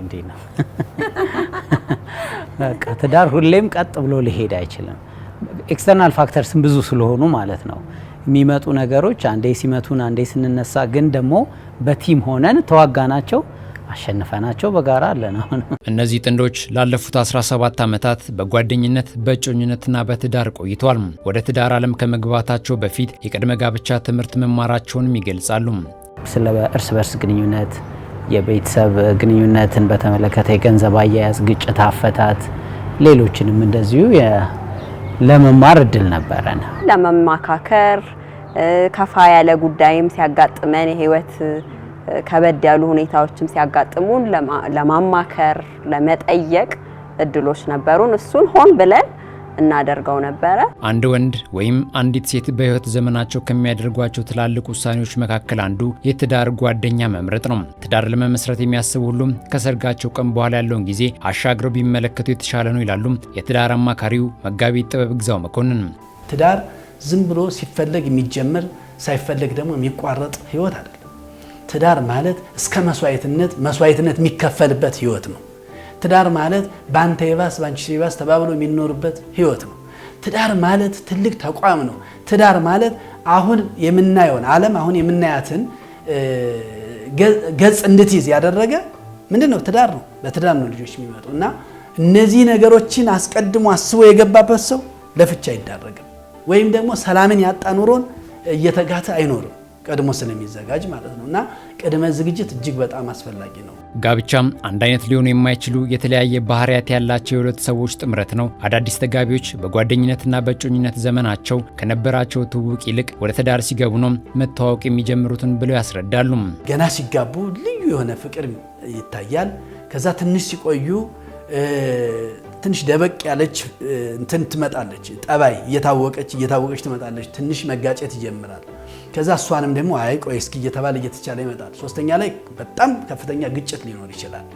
እንዲህ ነው። በቃ ትዳር ሁሌም ቀጥ ብሎ ሊሄድ አይችልም። ኤክስተርናል ፋክተርስም ብዙ ስለሆኑ ማለት ነው የሚመጡ ነገሮች አንዴ ሲመቱን አንዴ ስንነሳ፣ ግን ደግሞ በቲም ሆነን ተዋጋናቸው አሸንፈናቸው በጋራ አለን። አሁን እነዚህ ጥንዶች ላለፉት 17 ዓመታት በጓደኝነት በእጮኝነትና በትዳር ቆይተዋል። ወደ ትዳር ዓለም ከመግባታቸው በፊት የቅድመ ጋብቻ ትምህርት መማራቸውንም ይገልጻሉ። ስለ እርስ በርስ ግንኙነት የቤተሰብ ግንኙነትን በተመለከተ፣ የገንዘብ አያያዝ፣ ግጭት አፈታት፣ ሌሎችንም እንደዚሁ ለመማር እድል ነበረን። ለመማካከር ከፋ ያለ ጉዳይም ሲያጋጥመን የህይወት ከበድ ያሉ ሁኔታዎችም ሲያጋጥሙን ለማማከር ለመጠየቅ እድሎች ነበሩን። እሱን ሆን ብለን እናደርገው ነበረ። አንድ ወንድ ወይም አንዲት ሴት በህይወት ዘመናቸው ከሚያደርጓቸው ትላልቅ ውሳኔዎች መካከል አንዱ የትዳር ጓደኛ መምረጥ ነው። ትዳር ለመመስረት የሚያስቡ ሁሉም ከሰርጋቸው ቀን በኋላ ያለውን ጊዜ አሻግረው ቢመለከቱ የተሻለ ነው ይላሉ የትዳር አማካሪው መጋቢ ጥበብ ግዛው መኮንን። ትዳር ዝም ብሎ ሲፈለግ የሚጀመር ሳይፈለግ ደግሞ የሚቋረጥ ህይወት አይደለም። ትዳር ማለት እስከ መስዋዕትነት መስዋዕትነት የሚከፈልበት ህይወት ነው። ትዳር ማለት በአንተ የባስ በአንቺ የባስ ተባብሎ የሚኖርበት ህይወት ነው። ትዳር ማለት ትልቅ ተቋም ነው። ትዳር ማለት አሁን የምናየውን ዓለም አሁን የምናያትን ገጽ እንድትይዝ ያደረገ ምንድን ነው? ትዳር ነው። በትዳር ነው ልጆች የሚመጡ እና እነዚህ ነገሮችን አስቀድሞ አስቦ የገባበት ሰው ለፍቻ አይዳረግም፣ ወይም ደግሞ ሰላምን ያጣ ኑሮን እየተጋተ አይኖርም። ቀድሞ ስለሚዘጋጅ ማለት ነው እና ቅድመ ዝግጅት እጅግ በጣም አስፈላጊ ነው። ጋብቻም አንድ አይነት ሊሆኑ የማይችሉ የተለያየ ባህሪያት ያላቸው የሁለት ሰዎች ጥምረት ነው። አዳዲስ ተጋቢዎች በጓደኝነትና በእጮኝነት ዘመናቸው ከነበራቸው ትውውቅ ይልቅ ወደ ትዳር ሲገቡ ነው መተዋወቅ የሚጀምሩትን ብለው ያስረዳሉ። ገና ሲጋቡ ልዩ የሆነ ፍቅር ይታያል። ከዛ ትንሽ ሲቆዩ ትንሽ ደበቅ ያለች እንትን ትመጣለች፣ ጠባይ እየታወቀች እየታወቀች ትመጣለች። ትንሽ መጋጨት ይጀምራል። ከዛ እሷንም ደግሞ አይ ቆይ እስኪ እየተባለ እየተቻለ ይመጣል። ሶስተኛ ላይ በጣም ከፍተኛ ግጭት ሊኖር ይችላል።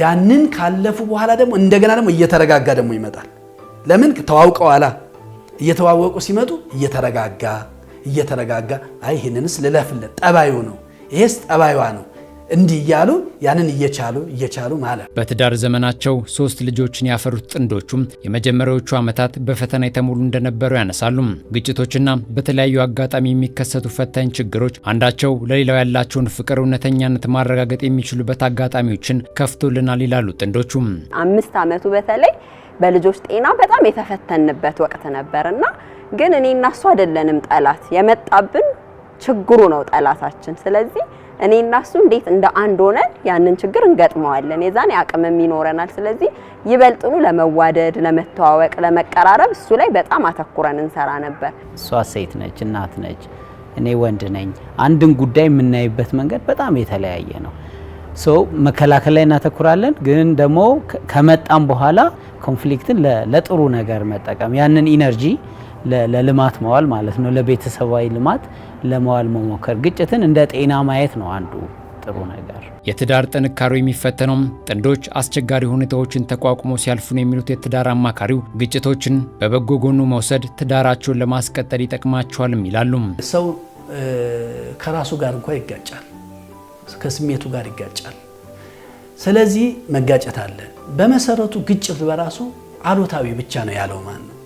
ያንን ካለፉ በኋላ ደግሞ እንደገና ደግሞ እየተረጋጋ ደግሞ ይመጣል። ለምን ተዋውቀዋላ። እየተዋወቁ ሲመጡ እየተረጋጋ እየተረጋጋ አይ ይህንንስ ልለፍለት፣ ጠባዩ ነው ይሄስ ጠባዩዋ ነው እንዲህ እያሉ ያንን እየቻሉ እየቻሉ ማለት በትዳር ዘመናቸው ሶስት ልጆችን ያፈሩት ጥንዶቹም የመጀመሪያዎቹ ዓመታት በፈተና የተሞሉ እንደነበሩ ያነሳሉ። ግጭቶችና በተለያዩ አጋጣሚ የሚከሰቱ ፈታኝ ችግሮች አንዳቸው ለሌላው ያላቸውን ፍቅር እውነተኛነት ማረጋገጥ የሚችሉበት አጋጣሚዎችን ከፍቶልናል ይላሉ ጥንዶቹም። አምስት ዓመቱ በተለይ በልጆች ጤና በጣም የተፈተንበት ወቅት ነበርና ግን እኔ እና እሱ አይደለንም ጠላት የመጣብን ችግሩ ነው ጠላታችን። ስለዚህ እኔ እና እሱ እንዴት እንደ አንድ ሆነን ያንን ችግር እንገጥመዋለን። የዛኔ አቅምም ይኖረናል። ስለዚህ ይበልጥኑ ለመዋደድ፣ ለመተዋወቅ፣ ለመቀራረብ እሱ ላይ በጣም አተኩረን እንሰራ ነበር። እሷ ሴት ነች፣ እናት ነች፣ እኔ ወንድ ነኝ። አንድን ጉዳይ የምናይበት መንገድ በጣም የተለያየ ነው። ሶ መከላከል ላይ እናተኩራለን፣ ግን ደግሞ ከመጣም በኋላ ኮንፍሊክትን ለጥሩ ነገር መጠቀም ያንን ኢነርጂ ለልማት መዋል ማለት ነው። ለቤተሰባዊ ልማት ለመዋል መሞከር፣ ግጭትን እንደ ጤና ማየት ነው አንዱ ጥሩ ነገር። የትዳር ጥንካሬው የሚፈተነውም ጥንዶች አስቸጋሪ ሁኔታዎችን ተቋቁሞ ሲያልፉ ነው የሚሉት የትዳር አማካሪው፣ ግጭቶችን በበጎ ጎኑ መውሰድ ትዳራቸውን ለማስቀጠል ይጠቅማቸዋልም ይላሉ። ሰው ከራሱ ጋር እንኳ ይጋጫል፣ ከስሜቱ ጋር ይጋጫል። ስለዚህ መጋጨት አለ። በመሰረቱ ግጭት በራሱ አሉታዊ ብቻ ነው ያለው ማን ነው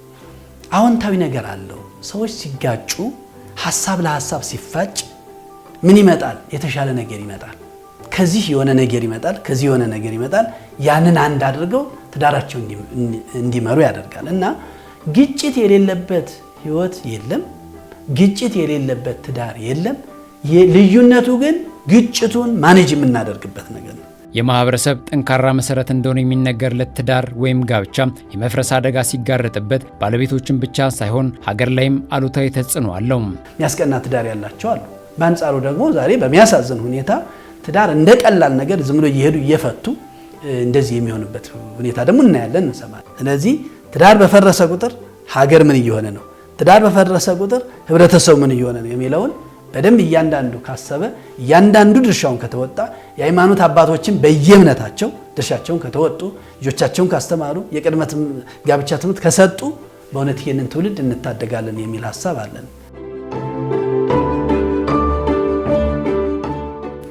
አዎንታዊ ነገር አለው። ሰዎች ሲጋጩ፣ ሀሳብ ለሀሳብ ሲፋጭ ምን ይመጣል? የተሻለ ነገር ይመጣል። ከዚህ የሆነ ነገር ይመጣል፣ ከዚህ የሆነ ነገር ይመጣል። ያንን አንድ አድርገው ትዳራቸው እንዲመሩ ያደርጋል እና ግጭት የሌለበት ህይወት የለም። ግጭት የሌለበት ትዳር የለም። ልዩነቱ ግን ግጭቱን ማኔጅ የምናደርግበት ነገር ነው። የማህበረሰብ ጠንካራ መሰረት እንደሆነ የሚነገርለት ትዳር ወይም ጋብቻ የመፍረስ አደጋ ሲጋረጥበት ባለቤቶችን ብቻ ሳይሆን ሀገር ላይም አሉታዊ ተጽዕኖ አለው። የሚያስቀና ትዳር ያላቸው አሉ። በአንጻሩ ደግሞ ዛሬ በሚያሳዝን ሁኔታ ትዳር እንደ ቀላል ነገር ዝም ብሎ እየሄዱ እየፈቱ እንደዚህ የሚሆንበት ሁኔታ ደግሞ እናያለን፣ እንሰማለን። ስለዚህ ትዳር በፈረሰ ቁጥር ሀገር ምን እየሆነ ነው፣ ትዳር በፈረሰ ቁጥር ህብረተሰቡ ምን እየሆነ ነው የሚለውን በደንብ እያንዳንዱ ካሰበ እያንዳንዱ ድርሻውን ከተወጣ የሃይማኖት አባቶችን በየእምነታቸው ድርሻቸውን ከተወጡ ልጆቻቸውን ካስተማሩ የቅድመ ጋብቻ ትምህርት ከሰጡ በእውነት ይህንን ትውልድ እንታደጋለን የሚል ሀሳብ አለን።